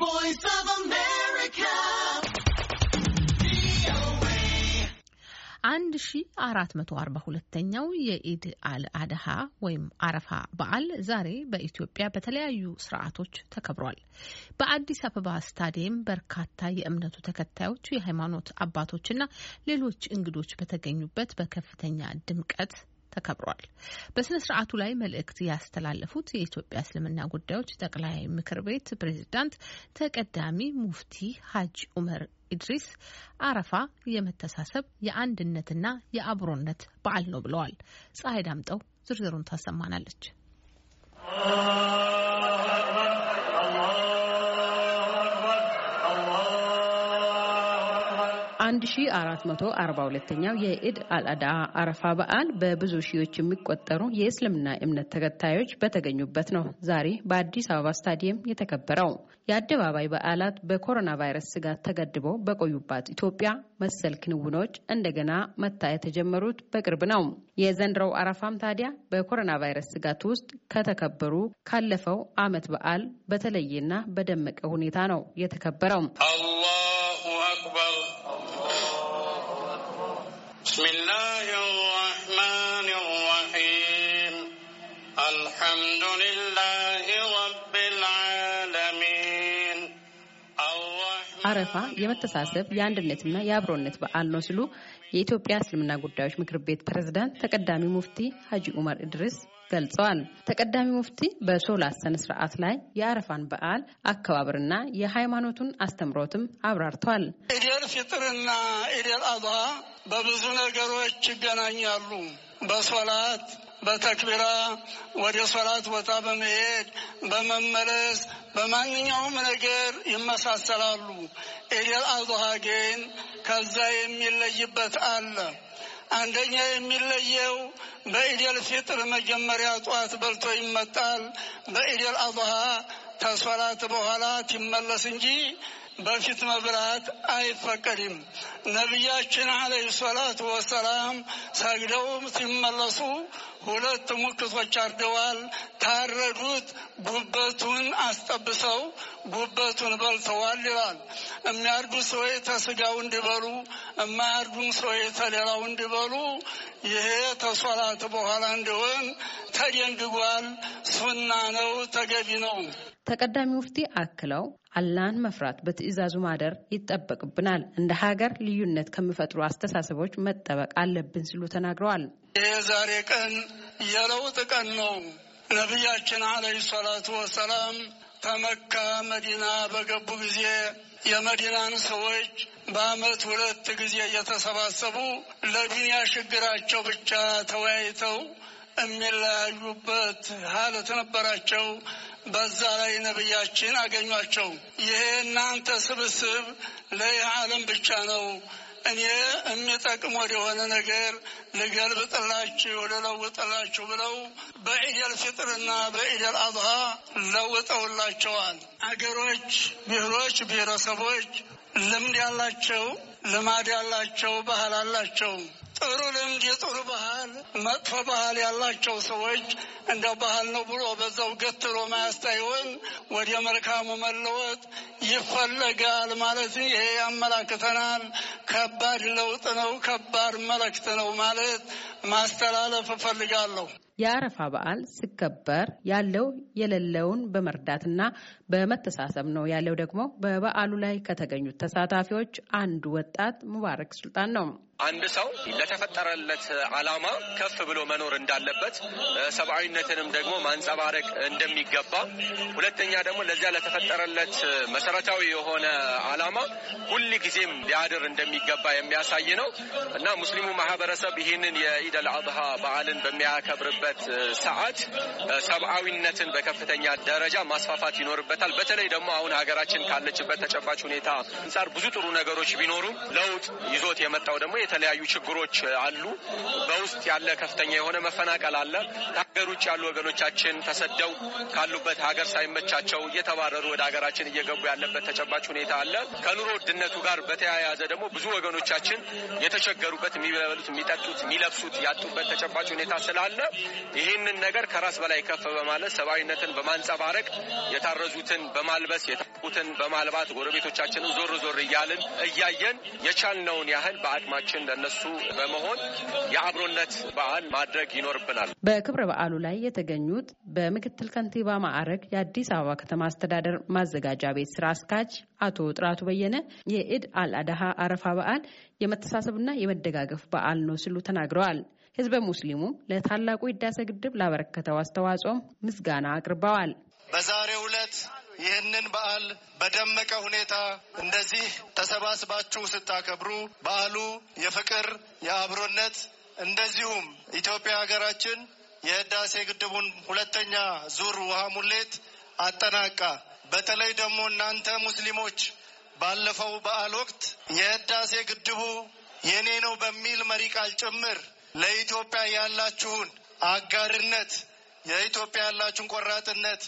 voice of America. አንድ ሺ አራት መቶ አርባ ሁለተኛው የኢድ አል አድሃ ወይም አረፋ በዓል ዛሬ በኢትዮጵያ በተለያዩ ስርዓቶች ተከብሯል። በአዲስ አበባ ስታዲየም በርካታ የእምነቱ ተከታዮች፣ የሃይማኖት አባቶችና ሌሎች እንግዶች በተገኙበት በከፍተኛ ድምቀት ተከብረዋል። በስነ ስርዓቱ ላይ መልእክት ያስተላለፉት የኢትዮጵያ እስልምና ጉዳዮች ጠቅላይ ምክር ቤት ፕሬዚዳንት ተቀዳሚ ሙፍቲ ሀጅ ኡመር ኢድሪስ አረፋ የመተሳሰብ የአንድነትና የአብሮነት በዓል ነው ብለዋል። ፀሐይ ዳምጠው ዝርዝሩን ታሰማናለች። 1442ኛው የኢድ አልአዳ አረፋ በዓል በብዙ ሺዎች የሚቆጠሩ የእስልምና እምነት ተከታዮች በተገኙበት ነው ዛሬ በአዲስ አበባ ስታዲየም የተከበረው። የአደባባይ በዓላት በኮሮና ቫይረስ ስጋት ተገድበው በቆዩባት ኢትዮጵያ መሰል ክንውኖች እንደገና መታየት የተጀመሩት በቅርብ ነው። የዘንድሮው አረፋም ታዲያ በኮሮና ቫይረስ ስጋት ውስጥ ከተከበሩ ካለፈው ዓመት በዓል በተለየና በደመቀ ሁኔታ ነው የተከበረው። بسم الله الرحمن الرحيم الحمد لله رب العالمين አረፋ የመተሳሰብ የአንድነትና የአብሮነት በዓል ነው ሲሉ የኢትዮጵያ እስልምና ጉዳዮች ምክር ቤት ፕሬዝዳንት ተቀዳሚ ሙፍቲ ሀጂ ኡመር እድሪስ ገልጸዋል። ተቀዳሚ ሙፍቲ በሶላት ስነ ስርዓት ላይ የአረፋን በዓል አከባበርና የሃይማኖቱን አስተምሮትም አብራርተዋል። ኢዴል ፊጥርና ኢዴል አድሃ በብዙ ነገሮች ይገናኛሉ። በሶላት በተክቢራ ወደ ሶላት ቦታ በመሄድ በመመለስ በማንኛውም ነገር ይመሳሰላሉ። ኢዴል አድሃ ግን ከዛ የሚለይበት አለ። አንደኛ የሚለየው በኢደል ፊጥር መጀመሪያ ጠዋት በልቶ ይመጣል። በኢደል አድሃ ከሶላት በኋላ ትመለስ እንጂ በፊት መብላት አይፈቀድም። ነቢያችን አለ ሰላቱ ወሰላም ሰግደውም ሲመለሱ ሁለት ሙክቶች አርደዋል። ታረዱት፣ ጉበቱን አስጠብሰው ጉበቱን በልተዋል ይላል። የሚያርዱ ሰዎች ተስጋው እንዲበሉ፣ የማያርዱም ሰዎች ተሌላው እንዲበሉ። ይሄ ተሶላት በኋላ እንዲሆን ተደንግጓል። ሱና ነው፣ ተገቢ ነው። ተቀዳሚ ሙፍቲ አክለው አላህን መፍራት በትዕዛዙ ማደር ይጠበቅብናል፣ እንደ ሀገር ልዩነት ከሚፈጥሩ አስተሳሰቦች መጠበቅ አለብን ሲሉ ተናግረዋል። ይህ ዛሬ ቀን የለውጥ ቀን ነው። ነቢያችን አለይሂ ሰላቱ ወሰላም ከመካ መዲና በገቡ ጊዜ የመዲናን ሰዎች በዓመት ሁለት ጊዜ እየተሰባሰቡ ለዱንያ ችግራቸው ብቻ ተወያይተው የሚለያዩበት ሀለት ነበራቸው። በዛ ላይ ነቢያችን አገኟቸው። ይሄ እናንተ ስብስብ ለየዓለም ብቻ ነው፣ እኔ የሚጠቅም ወደሆነ ነገር ልገልብጥላችሁ ልለውጥላችሁ ብለው በኢደል ፊጥርና በኢደል አብሃ ለውጠውላቸዋል። አገሮች፣ ብሔሮች፣ ብሔረሰቦች ልምድ ያላቸው ልማድ ያላቸው ባህል አላቸው። ጥሩ ልምድ፣ የጥሩ ባህል፣ መጥፎ ባህል ያላቸው ሰዎች እንደ ባህል ነው ብሎ በዛው ገትሮ ማያስታይሆን ወደ መልካሙ መለወጥ ይፈለጋል ማለት ይሄ ያመላክተናል። ከባድ ለውጥ ነው፣ ከባድ መልእክት ነው ማለት ማስተላለፍ እፈልጋለሁ። የአረፋ በዓል ሲከበር ያለው የሌለውን በመርዳትና በመተሳሰብ ነው ያለው ደግሞ በበዓሉ ላይ ከተገኙት ተሳታፊዎች አንዱ ወጣት ሙባረክ ሱልጣን ነው። አንድ ሰው ለተፈጠረለት ዓላማ ከፍ ብሎ መኖር እንዳለበት፣ ሰብአዊነትንም ደግሞ ማንጸባረቅ እንደሚገባ፣ ሁለተኛ ደግሞ ለዚያ ለተፈጠረለት መሰረታዊ የሆነ ዓላማ ሁል ጊዜም ሊያድር እንደሚገባ የሚያሳይ ነው እና ሙስሊሙ ማህበረሰብ ይህንን የኢድ አል በዓልን በሚያከብርበት ሰዓት ሰብአዊነትን በከፍተኛ ደረጃ ማስፋፋት ይኖርበታል። ይገባታል። በተለይ ደግሞ አሁን ሀገራችን ካለችበት ተጨባጭ ሁኔታ አንጻር ብዙ ጥሩ ነገሮች ቢኖሩም ለውጥ ይዞት የመጣው ደግሞ የተለያዩ ችግሮች አሉ። በውስጥ ያለ ከፍተኛ የሆነ መፈናቀል አለ። ከሀገር ውጭ ያሉ ወገኖቻችን ተሰደው ካሉበት ሀገር ሳይመቻቸው እየተባረሩ ወደ ሀገራችን እየገቡ ያለበት ተጨባጭ ሁኔታ አለ። ከኑሮ ውድነቱ ጋር በተያያዘ ደግሞ ብዙ ወገኖቻችን የተቸገሩበት የሚበሉት፣ የሚጠጡት፣ የሚለብሱት ያጡበት ተጨባጭ ሁኔታ ስላለ ይህንን ነገር ከራስ በላይ ከፍ በማለት ሰብአዊነትን በማንጸባረቅ የታረዙ ያዩትን በማልበስ የታቁትን በማልባት ጎረቤቶቻችንን ዞር ዞር እያልን እያየን የቻልነውን ያህል በአቅማችን ለነሱ በመሆን የአብሮነት በዓል ማድረግ ይኖርብናል። በክብረ በዓሉ ላይ የተገኙት በምክትል ከንቲባ ማዕረግ የአዲስ አበባ ከተማ አስተዳደር ማዘጋጃ ቤት ስራ አስኪያጅ አቶ ጥራቱ በየነ የኢድ አልአድሃ አረፋ በዓል የመተሳሰብና የመደጋገፍ በዓል ነው ሲሉ ተናግረዋል። ህዝበ ሙስሊሙም ለታላቁ ህዳሴ ግድብ ላበረከተው አስተዋጽኦም ምስጋና አቅርበዋል። በዛሬው ዕለት ይህንን በዓል በደመቀ ሁኔታ እንደዚህ ተሰባስባችሁ ስታከብሩ በዓሉ የፍቅር የአብሮነት እንደዚሁም ኢትዮጵያ ሀገራችን የህዳሴ ግድቡን ሁለተኛ ዙር ውሃ ሙሌት አጠናቃ በተለይ ደግሞ እናንተ ሙስሊሞች ባለፈው በዓል ወቅት የህዳሴ ግድቡ የኔ ነው በሚል መሪ ቃል ጭምር ለኢትዮጵያ ያላችሁን አጋርነት፣ የኢትዮጵያ ያላችሁን ቆራጥነት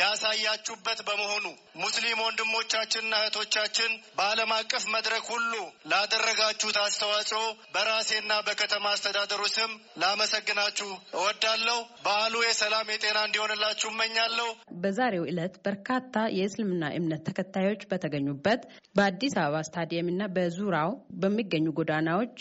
ያሳያችሁበት በመሆኑ ሙስሊም ወንድሞቻችንና እህቶቻችን በዓለም አቀፍ መድረክ ሁሉ ላደረጋችሁት አስተዋጽኦ በራሴና በከተማ አስተዳደሩ ስም ላመሰግናችሁ እወዳለሁ። በዓሉ የሰላም የጤና እንዲሆንላችሁ እመኛለሁ። በዛሬው ዕለት በርካታ የእስልምና እምነት ተከታዮች በተገኙበት በአዲስ አበባ ስታዲየም እና በዙሪያው በሚገኙ ጎዳናዎች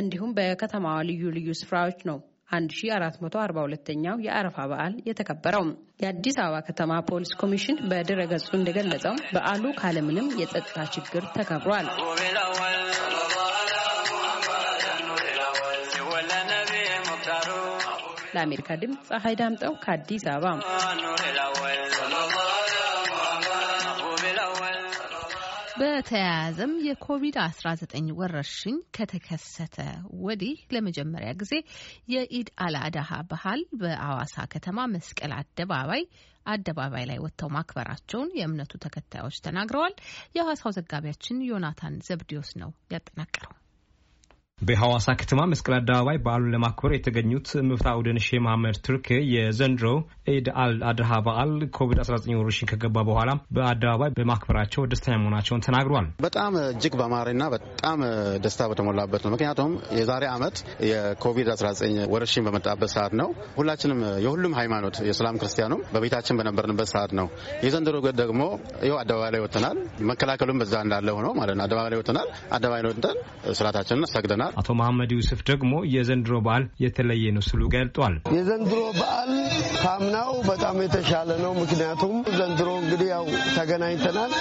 እንዲሁም በከተማዋ ልዩ ልዩ ስፍራዎች ነው 1442ኛው የአረፋ በዓል የተከበረው። የአዲስ አበባ ከተማ ፖሊስ ኮሚሽን በድረ ገጹ እንደገለጸው በዓሉ ካለምንም የጸጥታ ችግር ተከብሯል። ለአሜሪካ ድምፅ ፀሐይ ዳምጠው ከአዲስ አበባ በተያያዘም የኮቪድ-19 ወረርሽኝ ከተከሰተ ወዲህ ለመጀመሪያ ጊዜ የኢድ አልአድሃ ባህል በአዋሳ ከተማ መስቀል አደባባይ አደባባይ ላይ ወጥተው ማክበራቸውን የእምነቱ ተከታዮች ተናግረዋል። የአዋሳው ዘጋቢያችን ዮናታን ዘብዲዮስ ነው ያጠናቀረው። በሐዋሳ ከተማ መስቀል አደባባይ በዓሉን ለማክበር የተገኙት ምፍታውድን ሼህ መሐመድ ቱርክ የዘንድሮ ኢድ አል አድሃ በዓል ኮቪድ-19 ወረርሽኝ ከገባ በኋላ በአደባባይ በማክበራቸው ደስተኛ መሆናቸውን ተናግሯል። በጣም እጅግ በማሪና በጣም ደስታ በተሞላበት ነው። ምክንያቱም የዛሬ ዓመት የኮቪድ-19 ወረርሽኝ በመጣበት ሰዓት ነው። ሁላችንም የሁሉም ሃይማኖት የእስላም ክርስቲያኑም በቤታችን በነበርንበት ሰዓት ነው። የዘንድሮ ደግሞ ይኸው አደባባይ ላይ ወጥተናል። መከላከሉም በዛ እንዳለ ሆኖ ማለት ነው። አደባባይ ላይ ወጥተናል። አደባባይ ላይ ወጥተን ስርዓታችንን ሰግደናል። አቶ መሐመድ ዩስፍ ደግሞ የዘንድሮ በዓል የተለየ ነው ስሉ ገልጧል። የዘንድሮ በዓል ካምናው በጣም የተሻለ ነው። ምክንያቱም ዘንድሮ እንግዲህ ያው ተገናኝተናል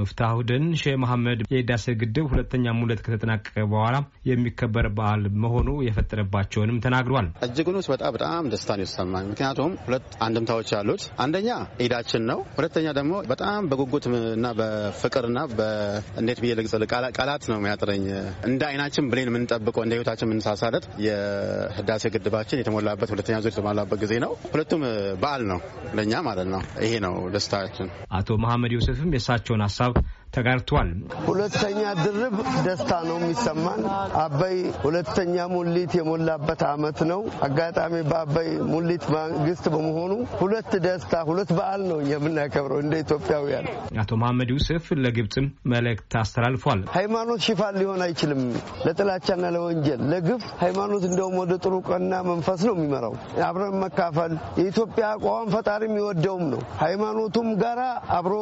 ሙፍታሁድን ሼህ መሐመድ የህዳሴ ግድብ ሁለተኛ ሙሌት ከተጠናቀቀ በኋላ የሚከበር በዓል መሆኑ የፈጠረባቸውንም ተናግሯል። እጅጉን በጣም በጣም ደስታ ነው የተሰማኝ። ምክንያቱም ሁለት አንድምታዎች አሉት። አንደኛ ኢዳችን ነው። ሁለተኛ ደግሞ በጣም በጉጉት እና በፍቅርና እንዴት ብዬ ልግለጽ፣ ቃላት ነው የሚያጥረኝ። እንደ አይናችን ብሌን የምንጠብቀው እንደ ህይወታችን የምንሳሳለት የህዳሴ ግድባችን የተሞላበት ሁለተኛ ዙር የተሟላበት ጊዜ ነው። ሁለቱም በዓል ነው ለእኛ ማለት ነው። ይሄ ነው ደስታችን። አቶ መሐመድ ዮሴፍም የእሳቸውን ሀሳብ ተጋርቷል። ሁለተኛ ድርብ ደስታ ነው የሚሰማን። አባይ ሁለተኛ ሙሊት የሞላበት አመት ነው። አጋጣሚ በአባይ ሙሊት መንግስት በመሆኑ ሁለት ደስታ፣ ሁለት በዓል ነው የምናከብረው እንደ ኢትዮጵያውያን። አቶ መሐመድ ዩስፍ ለግብፅም መልእክት አስተላልፏል። ሃይማኖት ሽፋን ሊሆን አይችልም ለጥላቻና ለወንጀል ለግፍ። ሃይማኖት እንደውም ወደ ጥሩ ቀና መንፈስ ነው የሚመራው። አብረን መካፈል የኢትዮጵያ አቋም ፈጣሪ የሚወደውም ነው ሃይማኖቱም ጋራ አብሮ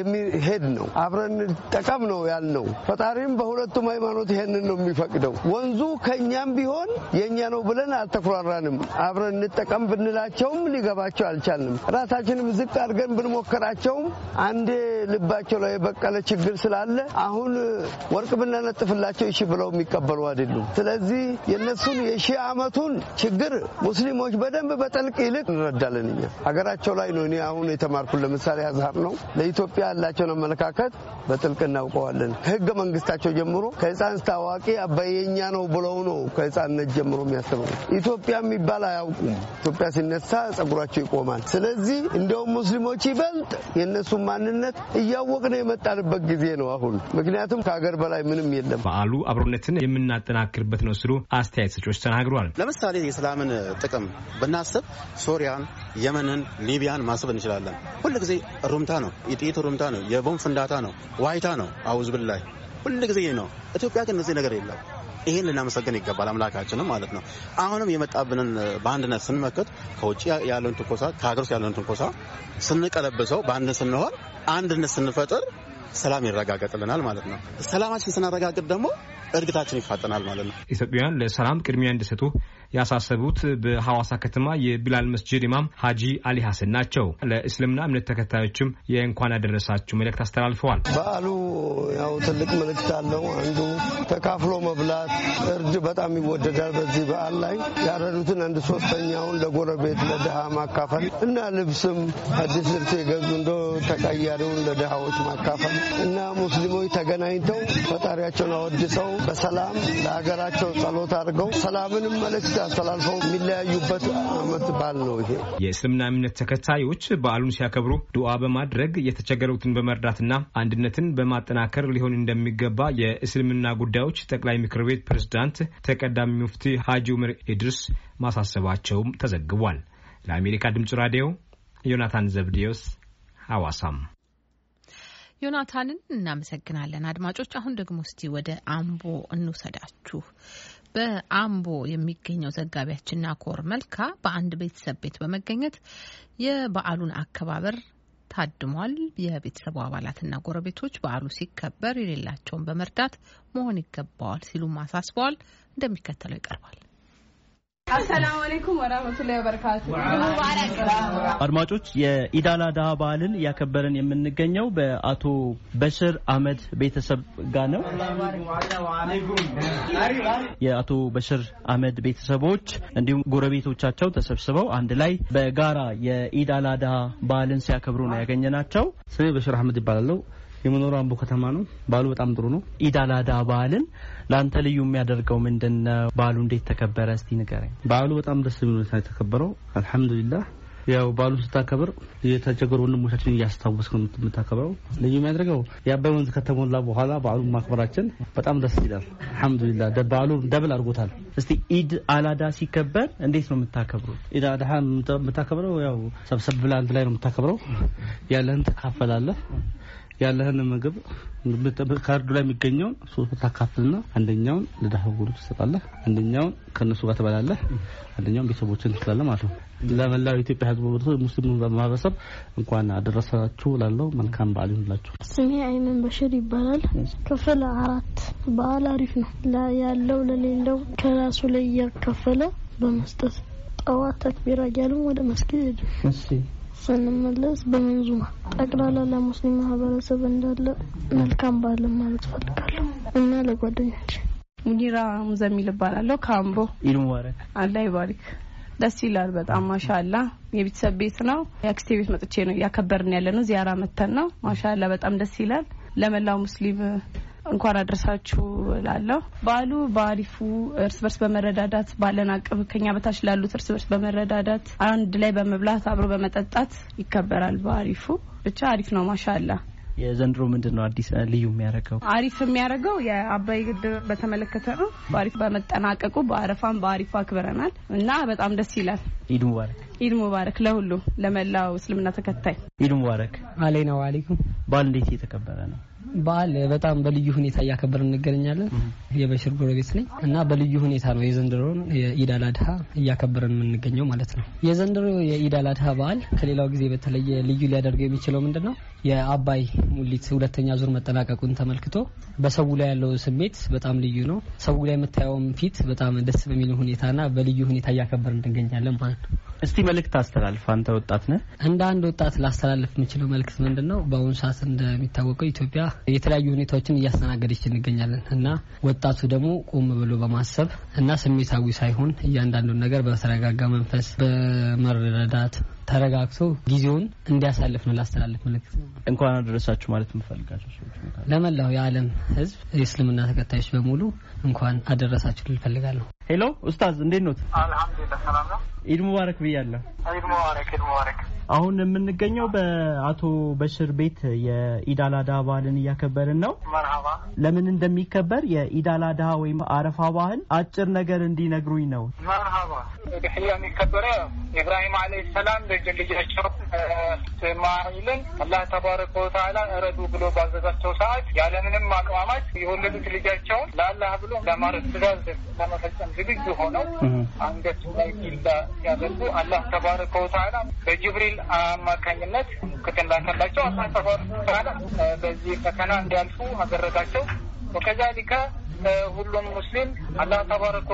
የሚሄድ ነው አብረን ጠቀም ነው ያልነው። ፈጣሪም በሁለቱም ሃይማኖት ይሄንን ነው የሚፈቅደው። ወንዙ ከእኛም ቢሆን የእኛ ነው ብለን አልተኩራራንም። አብረን እንጠቀም ብንላቸውም ሊገባቸው አልቻልንም። ራሳችንም ዝቅ አድርገን ብንሞክራቸውም አንዴ ልባቸው ላይ የበቀለ ችግር ስላለ አሁን ወርቅ ብናነጥፍላቸው እሺ ብለው የሚቀበሉ አይደሉም። ስለዚህ የእነሱን የሺህ ዓመቱን ችግር ሙስሊሞች በደንብ በጠልቅ ይልቅ እንረዳለን። እኛ ሀገራቸው ላይ ነው እኔ አሁን የተማርኩን ለምሳሌ አዝሃር ነው ለኢትዮጵያ ያላቸውን አመለካከት በጥልቅ እናውቀዋለን። ከህገ መንግስታቸው ጀምሮ ከህፃን ታዋቂ አባየኛ ነው ብለው ነው ከህፃንነት ጀምሮ የሚያስተምሩ። ኢትዮጵያ የሚባል አያውቁም። ኢትዮጵያ ሲነሳ ጸጉራቸው ይቆማል። ስለዚህ እንደውም ሙስሊሞች ይበልጥ የእነሱን ማንነት እያወቅን የመጣንበት ጊዜ ነው አሁን። ምክንያቱም ከሀገር በላይ ምንም የለም። በዓሉ አብሮነትን የምናጠናክርበት ነው ሲሉ አስተያየት ሰጮች ተናግሯል። ለምሳሌ የሰላምን ጥቅም ብናስብ ሶሪያን፣ የመንን፣ ሊቢያን ማስብ እንችላለን። ሁልጊዜ ሩምታ ነው፣ የጥይት ሩምታ ነው፣ የቦምብ ፍንዳታ ነው ዋይታ ነው። አውዝ ብላይ ሁሉ ጊዜ ነው። ኢትዮጵያ ግን እነዚህ ነገር የለም። ይህን ልናመሰግን ይገባል አምላካችንም ማለት ነው። አሁንም የመጣብንን በአንድነት ስንመከት ከውጭ ያለን ትንኮሳ፣ ከሀገር ውስጥ ያለን ትንኮሳ ስንቀለብሰው፣ በአንድነት ስንሆን፣ አንድነት ስንፈጥር ሰላም ይረጋገጥልናል ማለት ነው። ሰላማችን ስናረጋግጥ ደግሞ እድገታችን ይፋጠናል ማለት ነው። ኢትዮጵያውያን ለሰላም ቅድሚያ እንዲሰጡ ያሳሰቡት በሐዋሳ ከተማ የቢላል መስጅድ ኢማም ሀጂ አሊ ሀሰን ናቸው። ለእስልምና እምነት ተከታዮችም የእንኳን ያደረሳችሁ መልእክት አስተላልፈዋል። በዓሉ ያው ትልቅ መልእክት አለው። አንዱ ተካፍሎ መብላት፣ እርድ በጣም ይወደዳል። በዚህ በዓል ላይ ያረዱትን አንድ ሶስተኛውን ለጎረቤት ለድሃ ማካፈል እና ልብስም አዲስ ልብስ የገዙ እንደ ተቀያሪውን ለድሃዎች ማካፈል እና ሙስሊሞች ተገናኝተው ፈጣሪያቸውን አወድሰው በሰላም ለሀገራቸው ጸሎት አድርገው ሰላምንም መልእክት አስተላልፈው የሚለያዩበት አመት በዓል ነው ይሄ። የእስልምና እምነት ተከታዮች በዓሉን ሲያከብሩ ዱዓ በማድረግ የተቸገሩትን በመርዳትና አንድነትን በማጠናከር ሊሆን እንደሚገባ የእስልምና ጉዳዮች ጠቅላይ ምክር ቤት ፕሬዝዳንት ተቀዳሚ ሙፍቲ ሀጂ ዑመር ኢድሪስ ማሳሰባቸውም ተዘግቧል። ለአሜሪካ ድምጽ ራዲዮ ዮናታን ዘብዲዮስ ሐዋሳም ዮናታንን እናመሰግናለን። አድማጮች አሁን ደግሞ እስቲ ወደ አምቦ እንውሰዳችሁ። በአምቦ የሚገኘው ዘጋቢያችን ናኮር መልካ በአንድ ቤተሰብ ቤት በመገኘት የበዓሉን አከባበር ታድሟል። የቤተሰቡ አባላትና ጎረቤቶች በዓሉ ሲከበር የሌላቸውን በመርዳት መሆን ይገባዋል ሲሉም አሳስበዋል። እንደሚከተለው ይቀርባል። አሰላሙ አለይኩም ወራህመቱላሂ ወበረካቱ። አድማጮች የኢዳላ አድሃ በዓልን እያከበረን የምንገኘው በአቶ በሽር አህመድ ቤተሰብ ጋር ነው። የአቶ በሽር አህመድ ቤተሰቦች እንዲሁም ጎረቤቶቻቸው ተሰብስበው አንድ ላይ በጋራ የኢዳላ አድሃ በዓልን ሲያከብሩ ነው ያገኘናቸው። ስሜ በሽር አህመድ ይባላለሁ። የመኖሪያ አምቦ ከተማ ነው። በዓሉ በጣም ጥሩ ነው። ኢድ አላዳ በዓልን ለአንተ ልዩ የሚያደርገው ምንድን ነው? በዓሉ እንዴት ተከበረ? እስቲ ንገረኝ። በዓሉ በጣም ደስ የሚል ሁኔታ የተከበረው አልሐምዱሊላህ። ያው በዓሉን ስታከብር የተቸገሩ ወንድሞቻችን እያስታወስክ ነው የምታከብረው። ልዩ የሚያደርገው የአባይ ወንዝ ከተሞላ በኋላ በዓሉን ማክበራችን በጣም ደስ ይላል። አልሐምዱሊላ በአሉ ደብል አድርጎታል። እስቲ ኢድ አላዳ ሲከበር እንዴት ነው የምታከብሩት? ኢድ አድሃ የምታከብረው ያው ሰብሰብ ብላ አንድ ላይ ነው የምታከብረው። ያለህን ትካፈላለህ ያለህን ምግብ ካርዱ ላይ የሚገኘውን ሶስት ታካፍልና አንደኛውን ለዳህጉሩ ትሰጣለህ፣ አንደኛውን ከእነሱ ጋር ትበላለህ፣ አንደኛውን ቤተሰቦችን ትችላለህ ማለት ነው። ለመላው የኢትዮጵያ ሕዝብ ወርሶ ሙስሊሙ በማህበረሰብ እንኳን አደረሳችሁ ላለው መልካም በዓል ይሁንላችሁ። ስሜ አይመን በሽር ይባላል። ክፍል አራት በዓል አሪፍ ነው። ያለው ለሌለው ከራሱ ላይ እያከፈለ በመስጠት ጠዋት ተክቢራ እያሉ ወደ መስጊድ ሄዱ። ስንመለስ በመንዙማ ጠቅላላ ለሙስሊም ማህበረሰብ እንዳለ መልካም በዓል ማለት ፈልጋለሁ እና ለጓደኞች ሙኒራ ሙዘሚል እባላለሁ ካምቦ ኢድ ሙባረክ አላህ ይባርክ ደስ ይላል በጣም ማሻላ የቤተሰብ ቤት ነው የአክስቴ ቤት መጥቼ ነው እያከበርን ያለ ነው ዚያራ መተን ነው ማሻላ በጣም ደስ ይላል ለመላው ሙስሊም እንኳን አድረሳችሁ ላለሁ በዓሉ በአሪፉ እርስ በርስ በመረዳዳት ባለን አቅም ከኛ በታች ላሉት እርስ በርስ በመረዳዳት አንድ ላይ በመብላት አብሮ በመጠጣት ይከበራል። በአሪፉ ብቻ አሪፍ ነው። ማሻላ የዘንድሮ ምንድን ነው አዲስ ልዩ የሚያደርገው? አሪፍ የሚያደርገው የአባይ ግድብ በተመለከተ ነው። በአሪፍ በመጠናቀቁ በአረፋም በአሪፉ አክብረናል እና በጣም ደስ ይላል። ኢድ ሙባረክ። ኢድ ሙባረክ ለሁሉ ለመላው እስልምና ተከታይ ኢድ ሙባረክ። አሌና ዋሌኩም። በዓል እንዴት የተከበረ ነው? በዓል በጣም በልዩ ሁኔታ እያከበርን እንገኛለን። የበሽር ጎረቤት ነኝ እና በልዩ ሁኔታ ነው የዘንድሮውን የኢድ አል አድሃ እያከበርን የምንገኘው ማለት ነው። የዘንድሮ የኢድ አድሃ በዓል ከሌላው ጊዜ በተለየ ልዩ ሊያደርገው የሚችለው ምንድን ነው? የአባይ ሙሊት ሁለተኛ ዙር መጠናቀቁን ተመልክቶ በሰው ላይ ያለው ስሜት በጣም ልዩ ነው። ሰው ላይ የምታየውም ፊት በጣም ደስ በሚል ሁኔታና በልዩ ሁኔታ እያከበርን እንገኛለን ማለት ነው። እስቲ መልእክት አስተላልፍ። አንተ ወጣት ነህ። እንደ አንድ ወጣት ላስተላልፍ የምችለው መልእክት ምንድን ነው? በአሁኑ ሰዓት እንደሚታወቀው ኢትዮጵያ የተለያዩ ሁኔታዎችን እያስተናገደች እንገኛለን እና ወጣቱ ደግሞ ቆም ብሎ በማሰብ እና ስሜታዊ ሳይሆን እያንዳንዱን ነገር በተረጋጋ መንፈስ በመረዳዳት ተረጋግቶ ጊዜውን እንዲያሳልፍ ነው ላስተላልፍ ምልክት እንኳን አደረሳችሁ ማለት የምፈልጋቸው ለመላው የዓለም ሕዝብ የእስልምና ተከታዮች በሙሉ እንኳን አደረሳችሁ ልፈልጋለሁ። ሄሎ ኡስታዝ እንዴት ኖት? አልሐምዱሊላህ ሰላም ነው። ኢድ ሙባረክ ብያለሁ። ኢድ ሙባረክ ኢድ ሙባረክ አሁን የምንገኘው በአቶ በሽር ቤት የኢዳል አድሃ በዓልን እያከበርን ነው። ለምን እንደሚከበር የኢዳል አድሃ ወይም አረፋ ባህል አጭር ነገር እንዲነግሩኝ ነው። መርሃባ ድሕያ የሚከበረ ኢብራሂም ዓለይ ሰላም ልጅ ልጃቸው ማይልን አላህ ተባረከ ወተዓላ እረዱ ብሎ ባዘዛቸው ሰዓት ያለምንም አቅማማት የወለዱት ልጃቸውን ለአላህ ብሎ ለማረት ትእዛዝ ለመፈጸም ዝግጁ ሆነው አንገቱ ላይ ቢላ ሲያደርጉ አላህ ተባረከ ወተዓላ በጅብሪል በሚል አማካኝነት ክትል ላከላቸው አሳሰፈር በዚህ ፈተና እንዲያልፉ አደረጋቸው። ወከዛሊካ ሁሉም ሙስሊም አላህ ተባረከ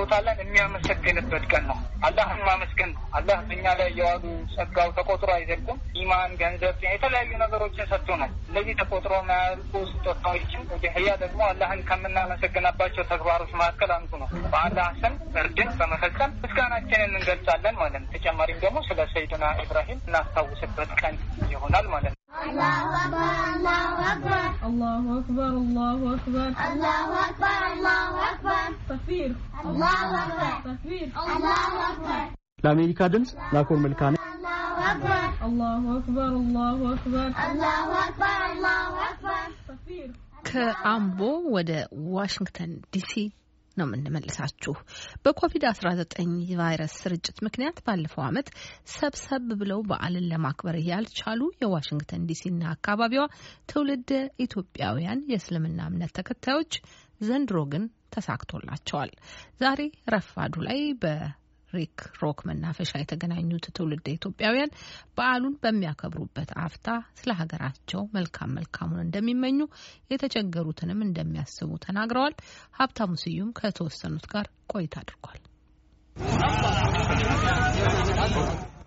የሚያመሰግንበት ቀን ነው። አላህን ማመስገን ነው። አላህ እኛ ላይ የዋሉ ጸጋው ተቆጥሮ አይዘልቁም። ኢማን፣ ገንዘብ፣ የተለያዩ ነገሮችን ሰጥቶናል። እነዚህ ተቆጥሮ ማያልቁ ስጦታዎችም እድሕያ ደግሞ አላህን ከምናመሰግናባቸው ተግባሮች መካከል አንዱ ነው። በአላህ ስም እርድን በመፈጸም ምስጋናችንን እንገልጻለን ማለት ነው። ተጨማሪም ደግሞ ስለ ሰይድና ኢብራሂም እናስታውስበት ቀን ይሆናል ማለት ነው። አላሁ አክበር አላሁ አክበር አላሁ አክበር አላሁ አክበር ተክቢር አላሁ አክበር ተክቢር አላሁ አክበር ለአሜሪካ ድምጽ ናኮር መልካ ነኝ። አላሁ አክበር አላሁ አክበር አላሁ አክበር አላሁ አክበር ከአምቦ ወደ ዋሽንግተን ዲሲ ነው የምንመልሳችሁ። በኮቪድ-19 ቫይረስ ስርጭት ምክንያት ባለፈው ዓመት ሰብሰብ ብለው በዓልን ለማክበር ያልቻሉ የዋሽንግተን ዲሲና አካባቢዋ ትውልድ ኢትዮጵያውያን የእስልምና እምነት ተከታዮች ዘንድሮ ግን ተሳክቶላቸዋል። ዛሬ ረፋዱ ላይ በ ሪክ ሮክ መናፈሻ የተገናኙት ትውልድ ኢትዮጵያውያን በዓሉን በሚያከብሩበት አፍታ ስለ ሀገራቸው መልካም መልካሙን እንደሚመኙ የተቸገሩትንም እንደሚያስቡ ተናግረዋል። ሀብታሙ ስዩም ከተወሰኑት ጋር ቆይታ አድርጓል።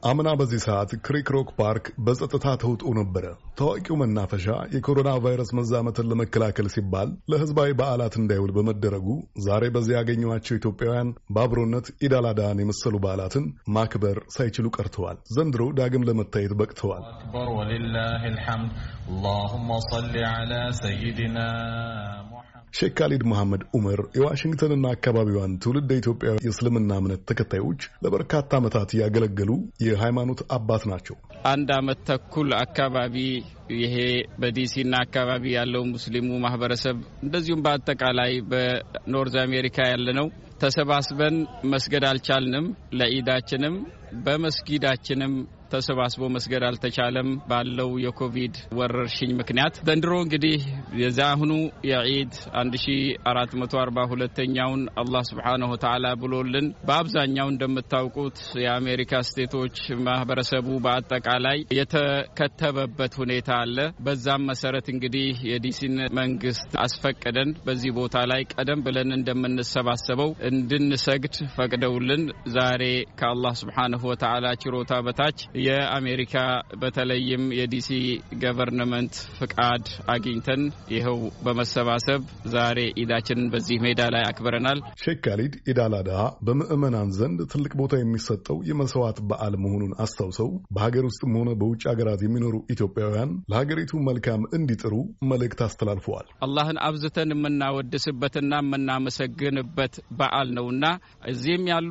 አምና በዚህ ሰዓት ክሪክሮክ ፓርክ በጸጥታ ተውጦ ነበረ። ታዋቂው መናፈሻ የኮሮና ቫይረስ መዛመትን ለመከላከል ሲባል ለሕዝባዊ በዓላት እንዳይውል በመደረጉ ዛሬ በዚህ ያገኘኋቸው ኢትዮጵያውያን በአብሮነት ኢዳላዳን የመሰሉ በዓላትን ማክበር ሳይችሉ ቀርተዋል። ዘንድሮ ዳግም ለመታየት በቅተዋል። ሼክ ካሊድ መሐመድ ዑመር የዋሽንግተንና አካባቢዋን ትውልድ ኢትዮጵያ የእስልምና እምነት ተከታዮች ለበርካታ ዓመታት ያገለገሉ የሃይማኖት አባት ናቸው። አንድ ዓመት ተኩል አካባቢ ይሄ በዲሲና አካባቢ ያለው ሙስሊሙ ማህበረሰብ እንደዚሁም በአጠቃላይ በኖርዝ አሜሪካ ያለነው ተሰባስበን መስገድ አልቻልንም። ለኢዳችንም በመስጊዳችንም ተሰባስቦ መስገድ አልተቻለም ባለው የኮቪድ ወረርሽኝ ምክንያት። ዘንድሮ እንግዲህ አሁኑ የዒድ 1442ኛውን አላህ ስብሓነሁ ወተዓላ ብሎልን በአብዛኛው እንደምታውቁት የአሜሪካ ስቴቶች ማህበረሰቡ በአጠቃላይ የተከተበበት ሁኔታ አለ። በዛም መሰረት እንግዲህ የዲሲን መንግስት አስፈቅደን በዚህ ቦታ ላይ ቀደም ብለን እንደምንሰባሰበው እንድንሰግድ ፈቅደውልን ዛሬ ከአላህ ስብሓነሁ ወተዓላ ችሮታ በታች የአሜሪካ በተለይም የዲሲ ገቨርንመንት ፍቃድ አግኝተን ይኸው በመሰባሰብ ዛሬ ኢዳችንን በዚህ ሜዳ ላይ አክብረናል። ሼክ ካሊድ ኢድ አድሃ በምዕመናን ዘንድ ትልቅ ቦታ የሚሰጠው የመስዋዕት በዓል መሆኑን አስታውሰው በሀገር ውስጥም ሆነ በውጭ ሀገራት የሚኖሩ ኢትዮጵያውያን ለሀገሪቱ መልካም እንዲጥሩ መልእክት አስተላልፈዋል። አላህን አብዝተን የምናወድስበትና የምናመሰግንበት በዓል ነውና እዚህም ያሉ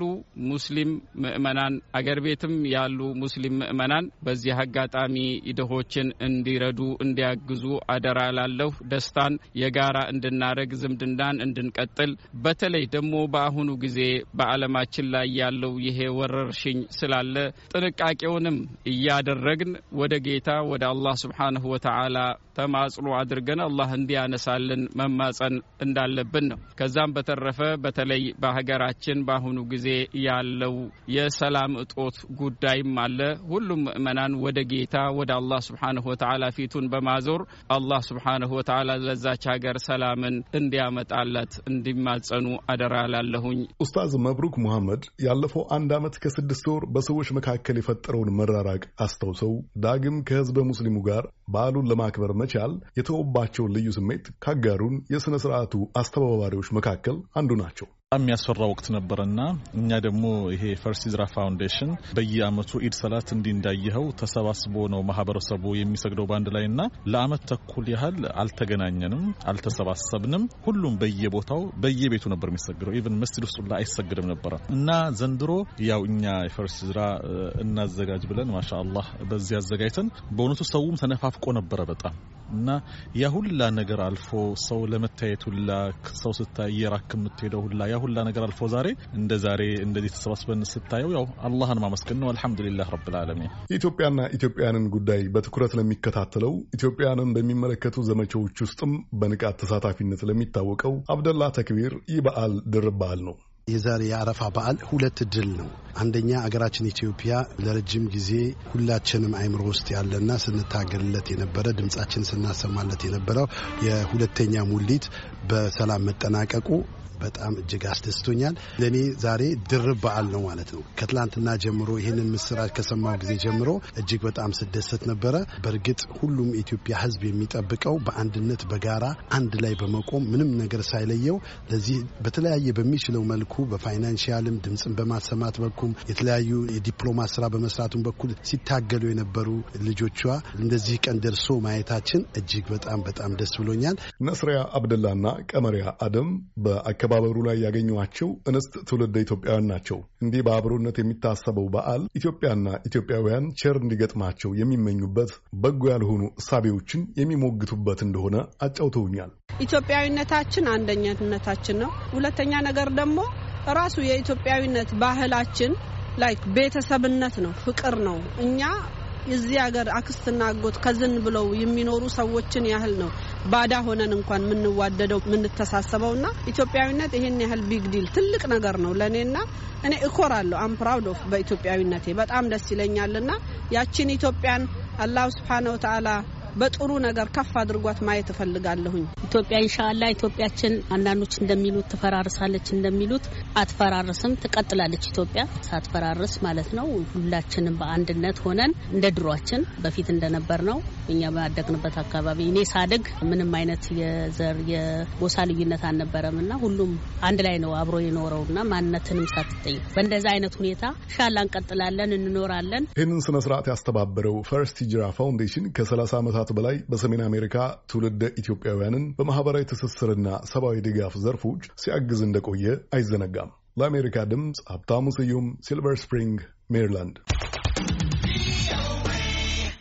ሙስሊም ምዕመናን አገር ቤትም ያሉ ሙስሊም ምዕመናን በዚህ አጋጣሚ ድሆችን እንዲረዱ እንዲያግዙ አደራ ላለሁ። ደስታን የጋራ እንድናረግ ዝምድናን እንድንቀጥል በተለይ ደግሞ በአሁኑ ጊዜ በዓለማችን ላይ ያለው ይሄ ወረርሽኝ ስላለ ጥንቃቄውንም እያደረግን ወደ ጌታ ወደ አላህ ስብሓንሁ ወተዓላ ተማጽኖ አድርገን አላህ እንዲያነሳልን መማጸን እንዳለብን ነው። ከዛም በተረፈ በተለይ በሀገራችን በአሁኑ ጊዜ ያለው የሰላም እጦት ጉዳይም አለ። ሁሉም ምእመናን ወደ ጌታ ወደ አላህ ስብሓንሁ ወተዓላ ፊቱን በማዞር አላህ ስብሓንሁ ወተዓላ ለዛች ሀገር ሰላምን እንዲያመጣለት እንዲማጸኑ አደራ ላለሁኝ። ኡስታዝ መብሩክ ሙሐመድ ያለፈው አንድ ዓመት ከስድስት ወር በሰዎች መካከል የፈጠረውን መራራቅ አስታውሰው ዳግም ከህዝበ ሙስሊሙ ጋር በዓሉን ለማክበር መቻል የተወባቸውን ልዩ ስሜት ካጋሩን የሥነ ሥርዓቱ አስተባባሪዎች መካከል አንዱ ናቸው። የሚያስፈራ ወቅት ነበረና እኛ ደግሞ ይሄ ፈርስት ዝራ ፋውንዴሽን በየአመቱ ኢድ ሰላት እንዲህ እንዳየኸው ተሰባስቦ ነው ማህበረሰቡ የሚሰግደው በአንድ ላይ እና ለአመት ተኩል ያህል አልተገናኘንም፣ አልተሰባሰብንም። ሁሉም በየቦታው በየቤቱ ነበር የሚሰግደው። ኢቨን መስጅድ ውስጥ ላ አይሰግድም ነበረ እና ዘንድሮ ያው እኛ የፈርስት ዝራ እናዘጋጅ ብለን ማሻ አላህ በዚህ አዘጋጅተን በእውነቱ ሰውም ተነፋ ናፍቆ ነበረ በጣም እና ያ ሁላ ነገር አልፎ ሰው ለመታየት ሁላ ሰው ስታይ የራክ የምትሄደው ሁላ ያ ሁላ ነገር አልፎ ዛሬ እንደ ዛሬ እንደዚህ ተሰባስበን ስታየው ያው አላህን ማመስገን ነው። አልሐምዱሊላህ ረብል ዓለሚን። የኢትዮጵያና ኢትዮጵያንን ጉዳይ በትኩረት ለሚከታተለው ኢትዮጵያንን በሚመለከቱ ዘመቻዎች ውስጥም በንቃት ተሳታፊነት ለሚታወቀው አብደላ ተክቢር ይህ በዓል ድርብ በዓል ነው። የዛሬ የአረፋ በዓል ሁለት ድል ነው። አንደኛ አገራችን ኢትዮጵያ ለረጅም ጊዜ ሁላችንም አይምሮ ውስጥ ያለና ስንታገልለት የነበረ ድምጻችን ስናሰማለት የነበረው የሁለተኛ ሙሊት በሰላም መጠናቀቁ በጣም እጅግ አስደስቶኛል። ለእኔ ዛሬ ድርብ በዓል ነው ማለት ነው። ከትላንትና ጀምሮ ይህንን ምስራች ከሰማው ጊዜ ጀምሮ እጅግ በጣም ስደሰት ነበረ። በእርግጥ ሁሉም ኢትዮጵያ ሕዝብ የሚጠብቀው በአንድነት በጋራ አንድ ላይ በመቆም ምንም ነገር ሳይለየው ለዚህ በተለያየ በሚችለው መልኩ በፋይናንሽያልም ድምፅን በማሰማት በኩል የተለያዩ የዲፕሎማት ስራ በመስራቱን በኩል ሲታገሉ የነበሩ ልጆቿ እንደዚህ ቀን ደርሶ ማየታችን እጅግ በጣም በጣም ደስ ብሎኛል። ነስሪያ አብደላና ቀመሪያ አደም በአካባቢ አከባበሩ ላይ ያገኘኋቸው እንስት ትውልደ ኢትዮጵያውያን ናቸው። እንዲህ በአብሮነት የሚታሰበው በዓል ኢትዮጵያና ኢትዮጵያውያን ቸር እንዲገጥማቸው የሚመኙበት፣ በጎ ያልሆኑ እሳቤዎችን የሚሞግቱበት እንደሆነ አጫውተውኛል። ኢትዮጵያዊነታችን አንደኛነታችን ነው። ሁለተኛ ነገር ደግሞ ራሱ የኢትዮጵያዊነት ባህላችን ላይክ ቤተሰብነት ነው፣ ፍቅር ነው። እኛ እዚህ ሀገር አክስትና አጎት ከዝን ብለው የሚኖሩ ሰዎችን ያህል ነው ባዳ ሆነን እንኳን የምንዋደደው ና ኢትዮጵያዊነት ይሄን ያህል ቢግ ዲል ትልቅ ነገር ነው ለኔና እኔ እኮራለሁ። አም ፕራውድ ኦፍ በኢትዮጵያዊነቴ በጣም ደስ ይለኛልና ያቺን ኢትዮጵያን አላሁ ስብሓነ ወተዓላ በጥሩ ነገር ከፍ አድርጓት ማየት እፈልጋለሁኝ። ኢትዮጵያ እንሻላ ኢትዮጵያችን አንዳንዶች እንደሚሉት ትፈራርሳለች እንደሚሉት አትፈራርስም፣ ትቀጥላለች ኢትዮጵያ ሳትፈራርስ ማለት ነው። ሁላችንም በአንድነት ሆነን እንደ ድሯችን በፊት እንደነበር ነው። እኛ ባደግንበት አካባቢ እኔ ሳድግ ምንም አይነት የዘር የጎሳ ልዩነት አልነበረም እና ሁሉም አንድ ላይ ነው አብሮ የኖረው እና ማንነትንም ሳትጠይቅ በእንደዚ አይነት ሁኔታ ሻላ እንቀጥላለን፣ እንኖራለን። ይህንን ስነስርዓት ያስተባበረው ፈርስት ጅራ ፋውንዴሽን ከ30 ዓመታት ዓመታት በላይ በሰሜን አሜሪካ ትውልደ ኢትዮጵያውያንን በማህበራዊ ትስስርና ሰብአዊ ድጋፍ ዘርፎች ሲያግዝ እንደቆየ አይዘነጋም። ለአሜሪካ ድምፅ ሀብታሙ ስዩም ሲልቨር ስፕሪንግ ሜሪላንድ